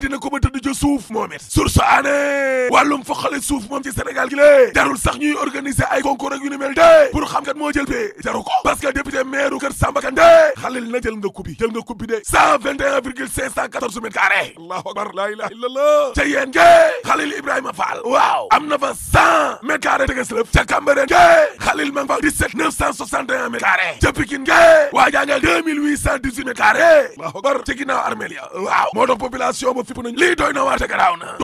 dina ko ba tëdd ca suuf moom it sursa aane wàllum foqale suuf moom ci Sénégal gi lée jarul sax ñuy organiser ay concours ak mel de pour xam kat moo jël bee jaru ko parce que député maire kër Samba Kandé xalil na jël nga kubbi jël nga kubbi de cent vingt allahu akbar laa ilaha illallah ca yéen ge xalil Ibrahima waaw am na fa cent mètres carrés tëgës lëf ca Cambérène ge fa dix-sept neuf soixante et un mètres carrés ca Pikine ge jaa ngeen deux mille huit cent dix-huit mètres carrés waaw ci ginnaaw armeel ya waaw moo tax population ba fipp lii doy na waar te garaaw